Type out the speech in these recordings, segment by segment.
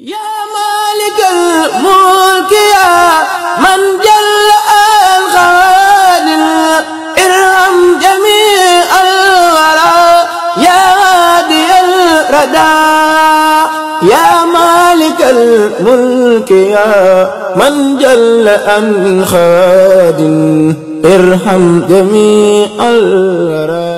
yaa maalikal mulki yaa man jalla al xaadil irham jamii al waraa yaa haadiyal radaa yaa maalikal mulki yaa man jalla al xaadil irham jamii al waraa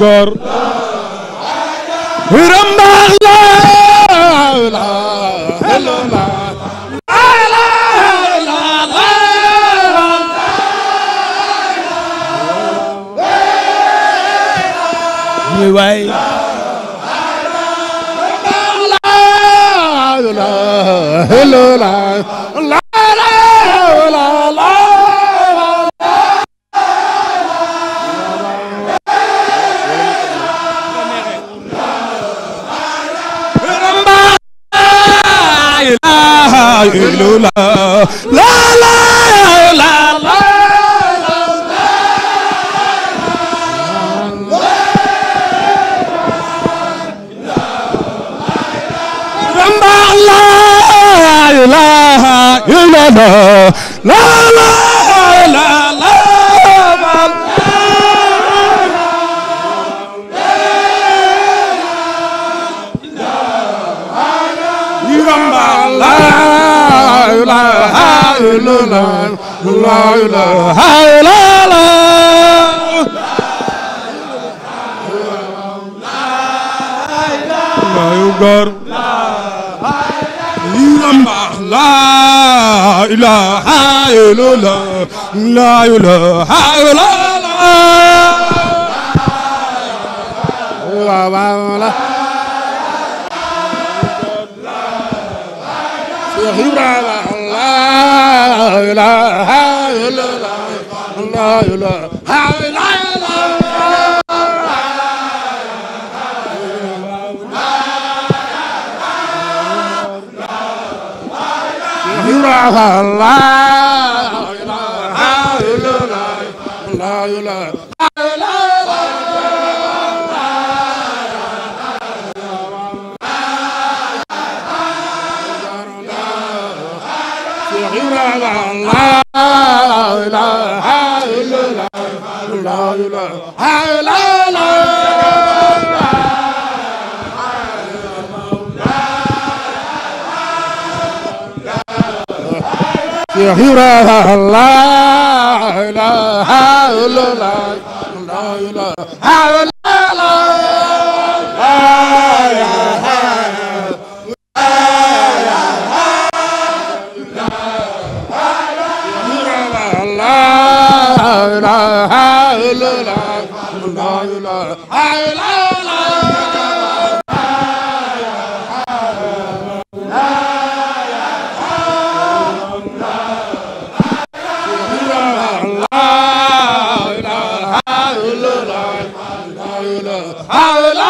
góor ilaha illallah la la la la La la la la إلا لا إله إلا الله لا يقر لا إله إلا الله لا إله إلا الله لا إله إلا الله la la la la la la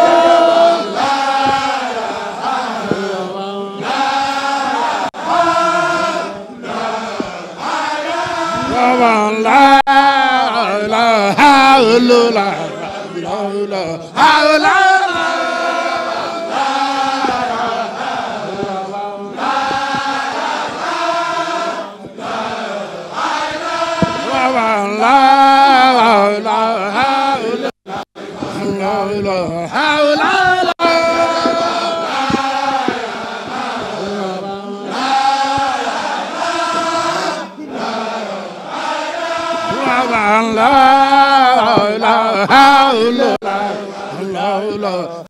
لا حول ولا حول لا حول ولا حول la la la la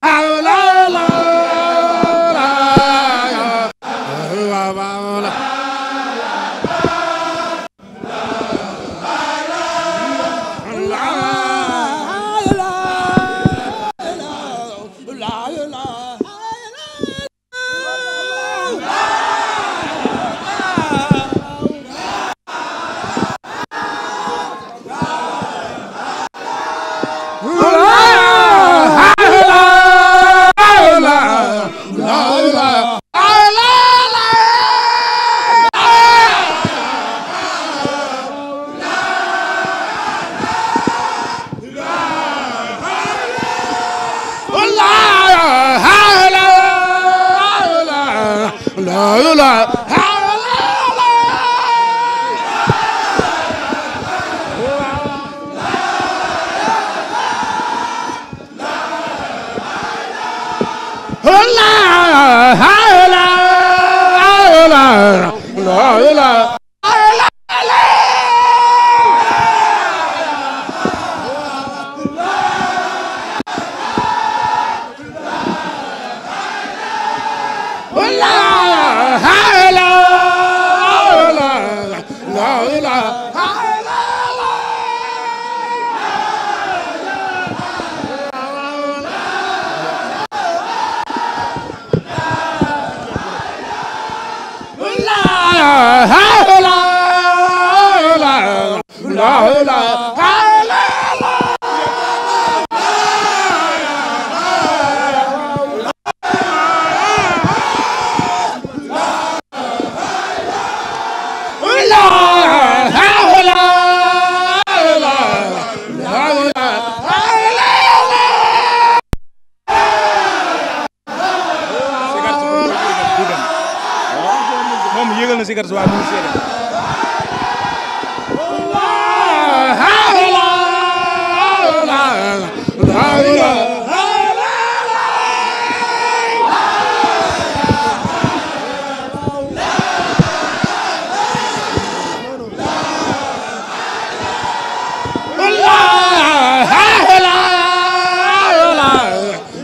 Allah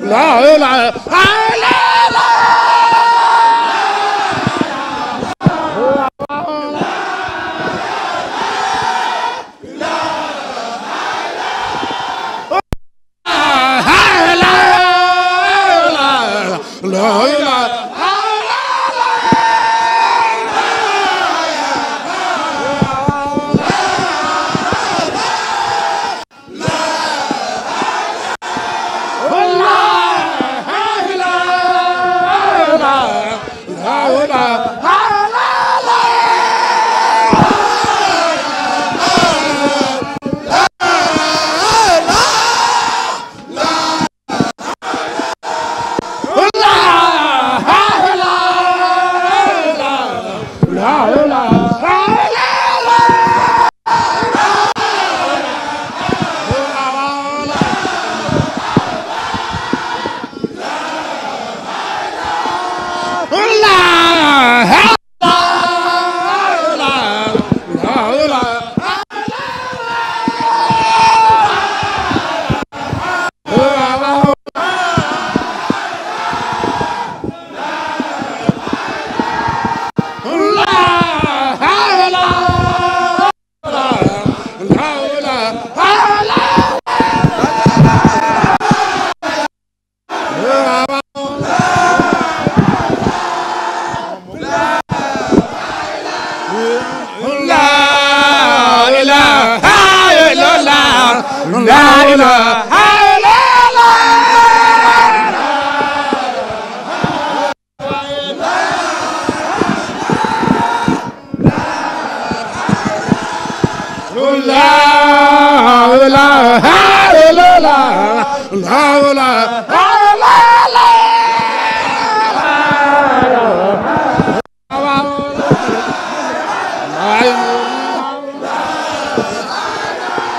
la la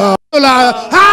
la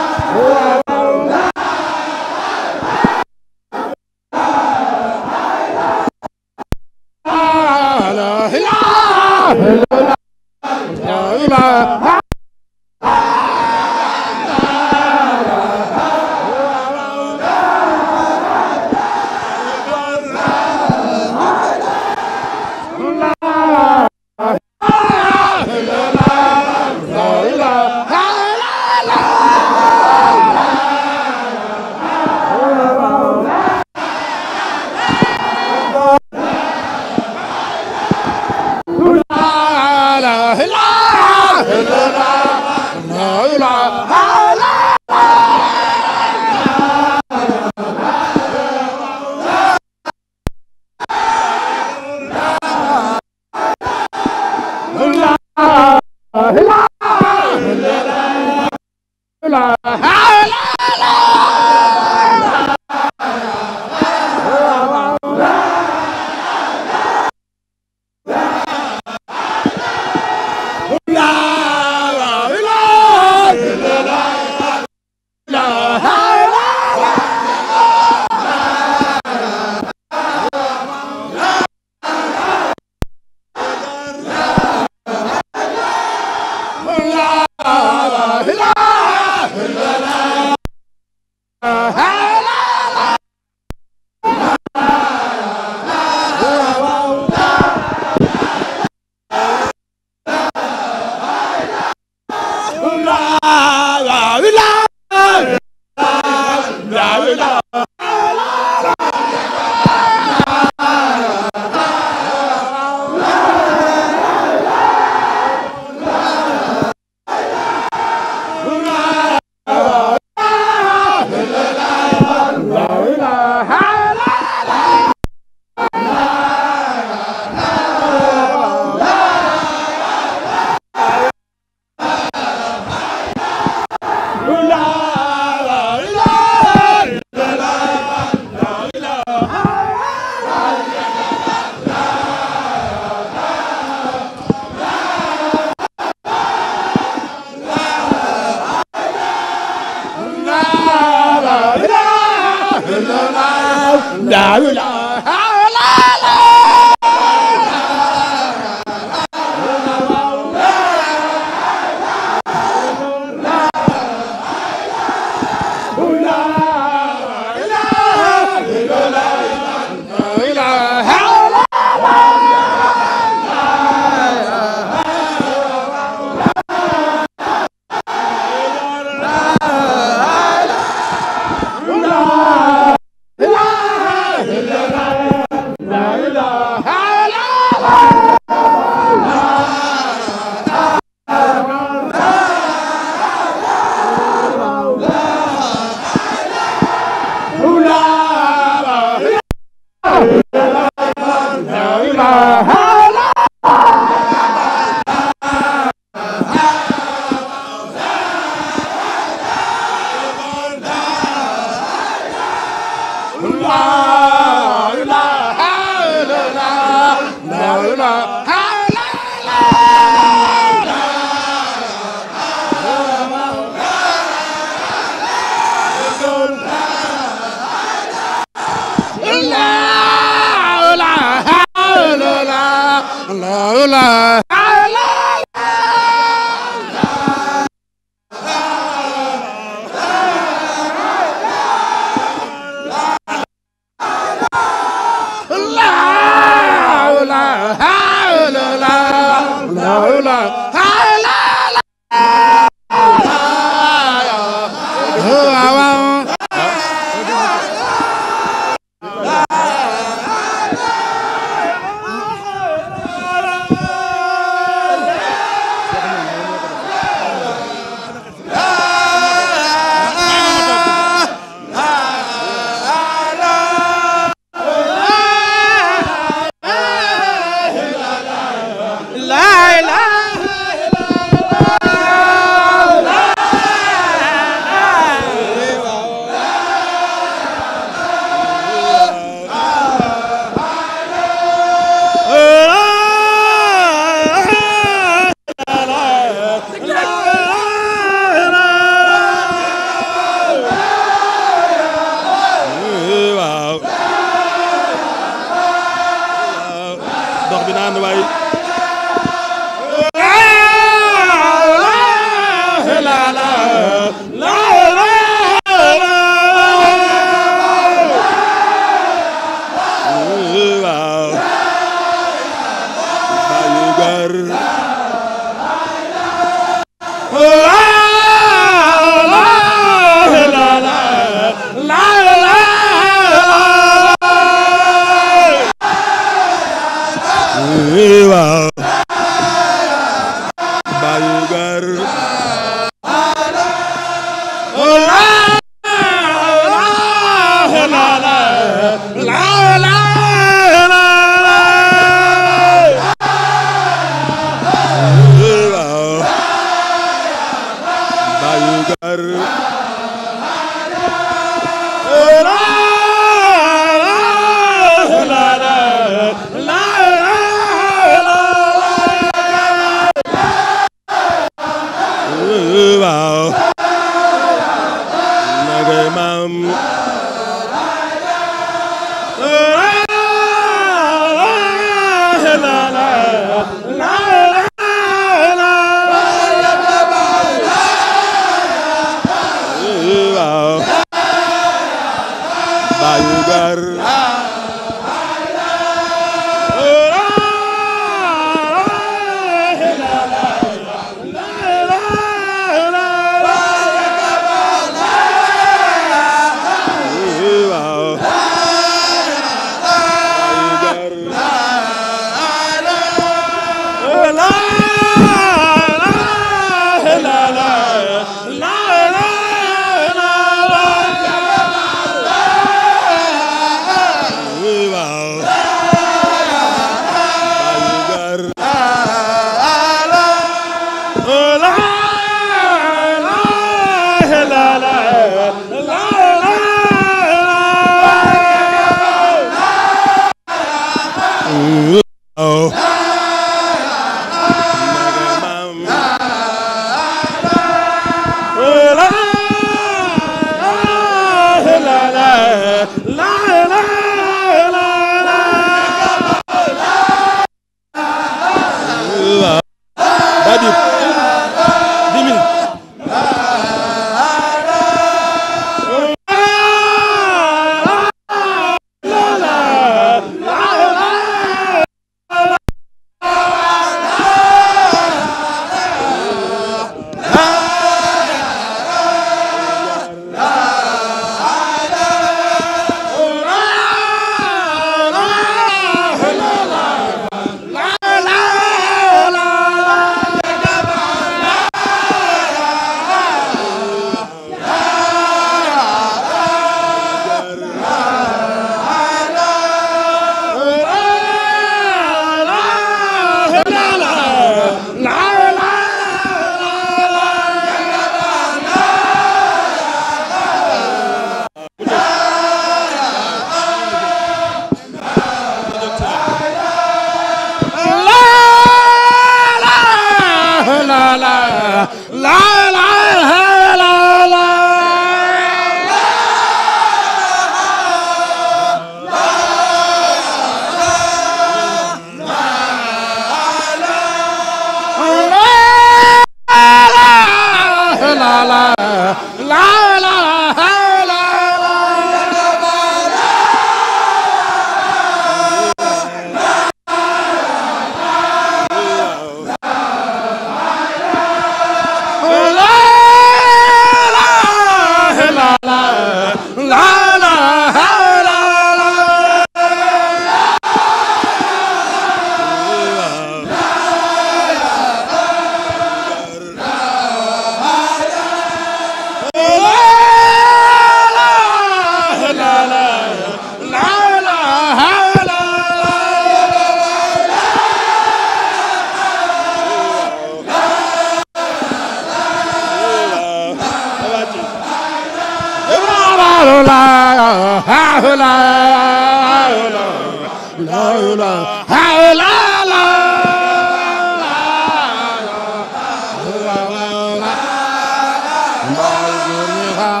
la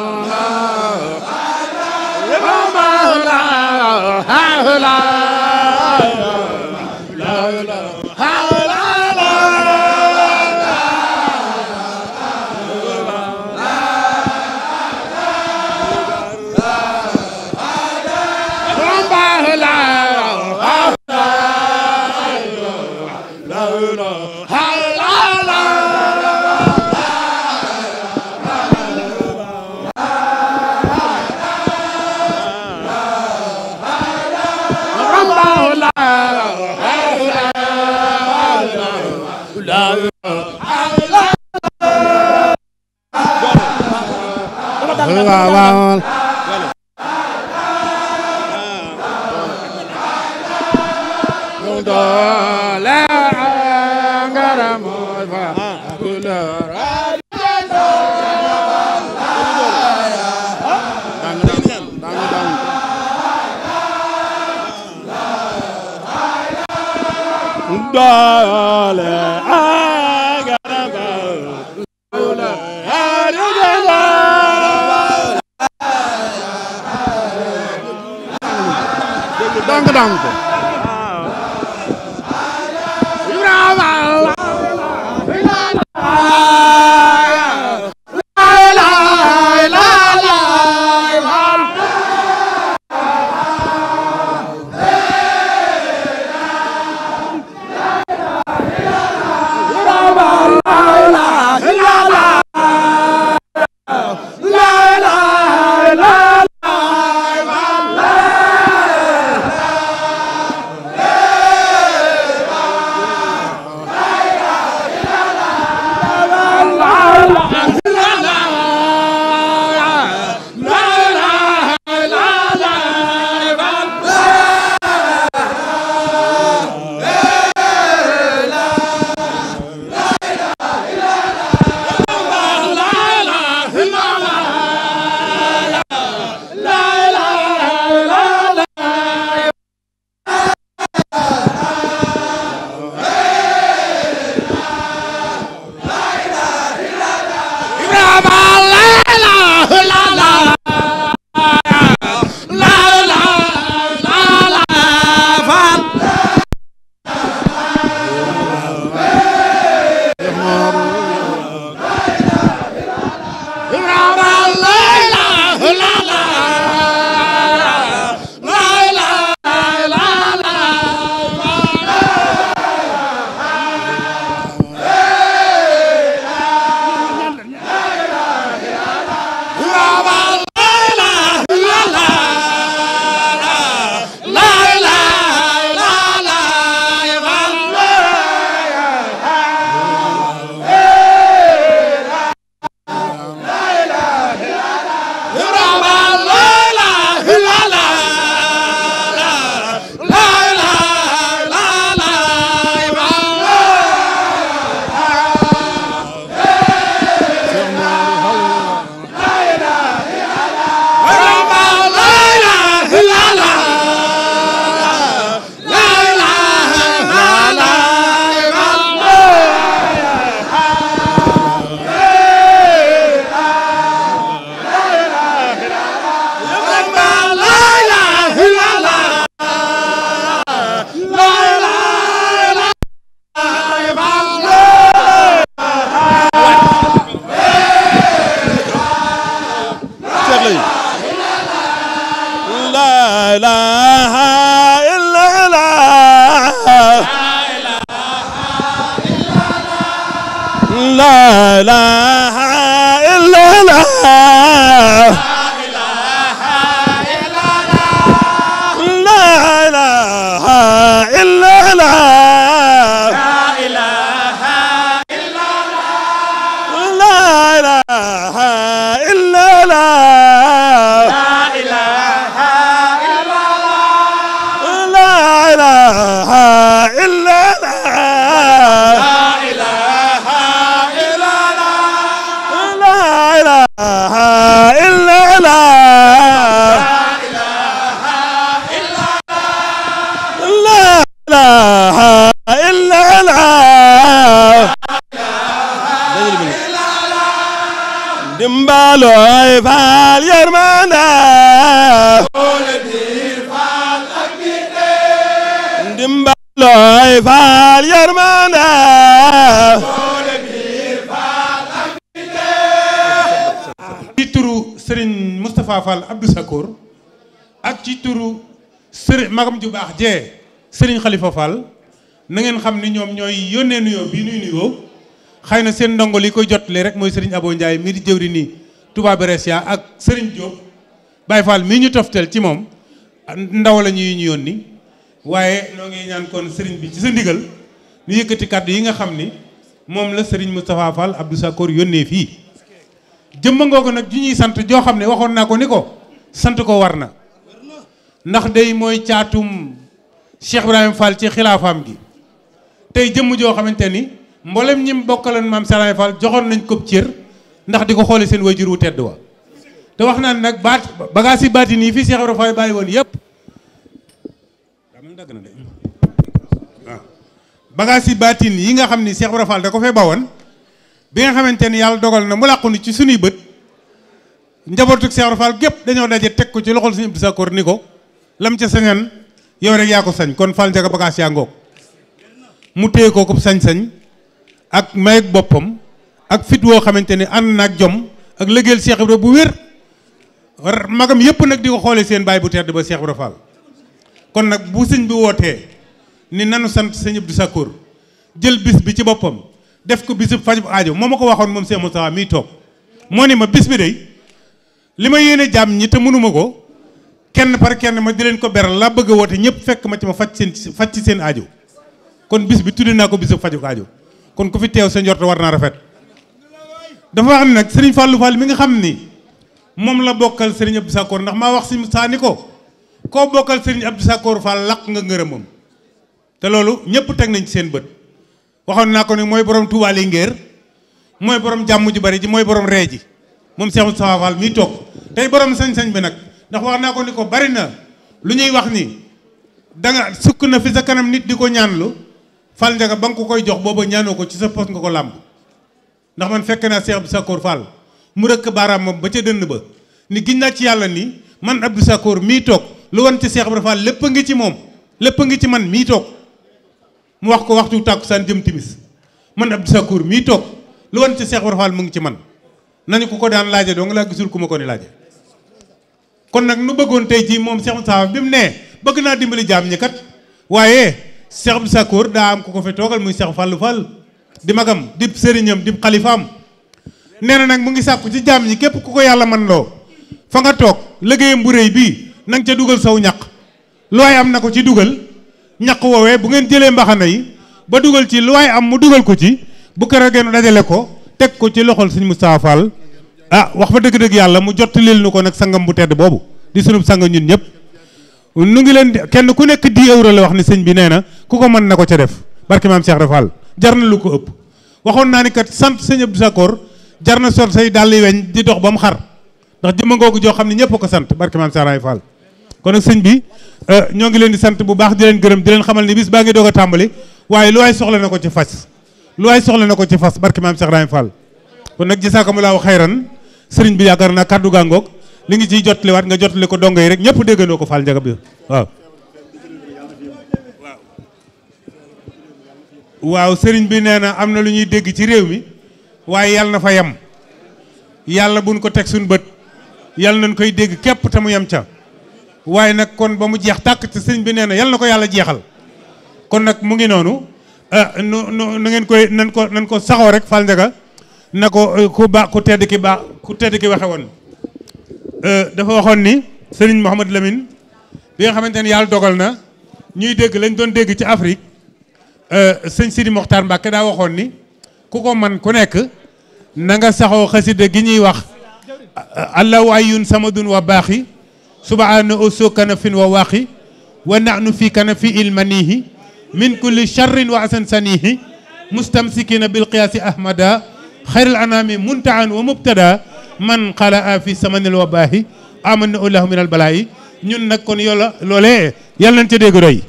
la daan ko Baba la mbalooy faal yërmande dimbalooy faal ci turu Serigne Moustapha Fall Abdou Sakour ak ci turu Serigne magam ju baax jee Serigne Khalifa Fall na xam ni ñoom ñooy yónnee nuyoo bii nuy nuyoo xay na seen ndongo li koy jottali rek mooy sëriñ Abo Ndiaye mii di jëwri nii Touba Brescia ak sëriñ Diop Baye Fall mii ñu toftel ci moom ndaw la ñuy ñu yónni waaye noo ngi ñaan kon sëriñ bi ci sa ndigal ñu yëkkati kàddu yi nga xam ni moom la sëriñ Moustapha Fall Abdou Sakor yónnee fii jëmm ngoo ko nag ju ñuy sant joo xam ne waxoon naa ko ni ko sant ko war na ndax day mooy caatum Cheikh Ibrahima Fall ci xilaafaam gi tey jëmm joo xamante ni mboolem ñim bokkaloon maam Salaay Fall joxoon nañ ko cër ndax di ko xoole seen jur wu tedd wa te wax naa ne nag baat bagaas yi baati nii fii Cheikh Ibra Fall bàyyi woon yëpp dagg na de ah. yi baatin yi nga xam ni Cheikh Ibra da ko fee bawoon bi nga xamante ni yàlla dogal na mu làqu ni ci sunuy bët njabootuk Cheikh Ibra Fall gépp dañoo daje teg ko ci loxol suñu Abdou kor ni ko lam ca sañan yow rek yaa ko sañ kon Fall Njaga bagaas yaa ngoog mu téye koo ko sañ-sañ ak mayeg boppam ak fit woo xamante ne ànd na ak jom ak liggéeyal Cheikh bu wér magam yëpp nag di ko xoolee seen baay bu tedd ba Cheikh Ibra Fall kon nag bu sëñ bi wootee ni nanu sant sëñ Abdou Sakkour jël bis bi ci boppam def ko bisub fajub aajo moo ma ko waxoon moom Cheikh Moustapha muy toog moo ne ma bis bi day li ma yéene jàmm ñi te mënuma ko kenn par kenn ma di leen ko beral laa bëgg a woote ñëpp fekk ma ci ma faj seen faj ci seen ajo kon bis bi tudde naa ko bisub fajub aajo kon ku fi teew sa njort war naa rafet dafa wax ne nag sëriñ Fallou Fall mi nga xam ni moom la bokkal sëriñ Abdou ndax maa wax si saa ni ko koo bokkal sëriñ Abdou Sakkoor Fall laq nga ngërëmam te loolu ñëpp teg nañ ci seen bët waxoon naa ko ni mooy borom Touba Linguère mooy borom jàmm ju bari ji mooy borom ree ji moom Cheikh Moustapha Fall toog tey borom sañ-sañ bi nag ndax wax naa ko ni ko bari na lu ñuy wax ni danga sukk na fi sa kanam nit di ko ñaanlu. Fall Ndiaga ba nga ko koy jox booba ñaanoo ko ci sa poos nga ko làmb ndax man fekk naa seex bu Sakor Fall mu rëkk moom ba ca dënn ba ni giñ naa ci yàlla ni man Abdou Sakor mii toog lu wan ci Cheikh Abdou Fall lépp a ngi ci moom lépp a ngi ci man mii toog mu wax ko waxtu tàkkusaan jëm timis man Abdou Sakor mii toog lu wan ci Cheikh Abdou Fall mu ngi ci man nañu ko ko daan laaje doo nga laa gisul ku ma ko ni laaje kon nag nu bëggoon tey jii moom Cheikh Moustapha bi mu nee bëgg naa dimbali jaam ñi waaye Cheikh Abdou Sakkour daa am ku ko fi toogal muy Cheikh Fallou Fall di magam dib sëriñam dib xalifaam nee na nag mu ngi sàkku ci jaam ñi képp ku ko yàlla man loo fa nga toog liggéeyam bu réy bii na nga ca dugal saw ñaq looy am na ko ci dugal ñaq woowee bu ngeen jëlee mbaxana yi ba dugal ci lu looy am mu dugal ko ci bu kër geenu dajale ko teg ko ci loxol suñ Moustapha Fall ah wax fa dëgg-dëgg yàlla mu jottalil nu ko nag sangam bu tedd boobu di sunub sang ñun ñëpp nu ngi leen kenn ku nekk di euro la wax ne sëñ bi nee na ku ko mën na ko ca def barki maam Cheikh Rafal jar na lu ko ëpp waxoon naa ni kat sant sëñ Abdou Sakor jar na sol say dàll weñ di dox ba mu xar ndax jëmm ngoogu joo xam ne ñëpp ko sant barki maam Cheikh Rafal kon nag sëñ bi euh, ñoo ngi leen di sant bu baax di leen gërëm di leen xamal ni bis baa ngi doog a tàmbali waaye lu waay soxla na ko ci fas lu waay soxla na ko ci fas barki maam Cheikh Rafal kon nag jazaakumullaahu xayran sëriñ bi yaakaar naa kàddu gàngoog li ngi ciy waat nga jotali ko dongo yi rek ñëpp déggandoo ko Fall Ndiaga bi waaw waaw sëriñ bi nee na am na lu ñuy dégg ci réew mi waaye yàlla na fa yem yàlla buñ ko teg suñ bët yàlla nañ koy dégg képp te mu yem ca waaye nag kon ba mu jeex tàkk te sëriñ bi nee na yàlla na ko yàlla jeexal kon nag mu ngi noonu ah, nu nu ngeen koy nan ko ko saxoo rek fal ndega na ko eh, ku baax ku tedd ki baax ku tedd ki waxe woon eh, dafa waxoon ni sëriñ Mouhamadou lamin bi nga xamante ne yàlla dogal na ñuy dégg lañ doon dégg ci Afrique Euh, sëñ Sidi Mokhtar Mbacke daa waxoon ni ku ko man ku nekk na nga saxoo xasida gi ñuy wax allahu ayyun samadun wa baaxi subhaana auso kanafin wa waaqi wa nahnu fi kanafi ilmanihi min kulli charrin wa asan sanihi mustamsikina bilqiyaasi ahmada xayral anami muntaan wa mubtada man xalaa fi samanil wa baaxi amanna allahu min albalaayi ñun nag kon yoola loolee yàlla nañ ca dégg roy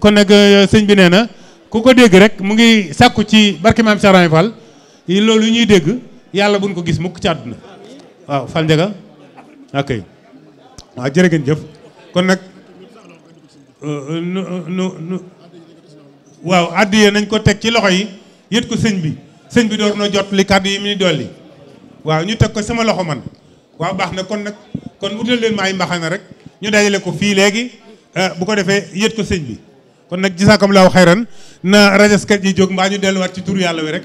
kon nag sëñ bi nee ku ko dégg rek mu ngi sàkku ci barke maam Cheikh Rahim Fall yi loolu ñuy dégg yàlla buñ ko gis mukk ci àdduna waaw Fall Ndiaga ok waaw jërë ngeen jëf kon nag euh, nu nu nu waaw àddiya nañ ko teg ci loxo yi yët ko sëñ bi sëñ bi doo na jot li kàddu yi mu ni dolli waaw ñu teg ko sama loxo man waaw baax na kon nag kon wutal leen ma ay mbaxana rek ñu dajale ko fii léegi euh, bu ko defee yët ko sëñ bi kon nag jisaakumullaahu xayran na rajaskat yi jóg mbaa ñu delluwaat ci tur yàlla wi rek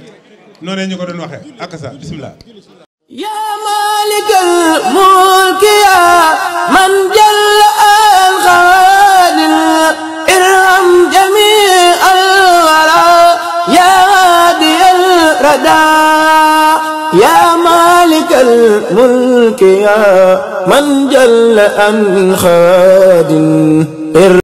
noonu ñu ko doon waxee ak sa bisimilah. yaa maalikal mulki yaa man jàll al xaadil irham jami al wara yaa haadi al rada yaa maalikal mulki yaa man jàll al xaadil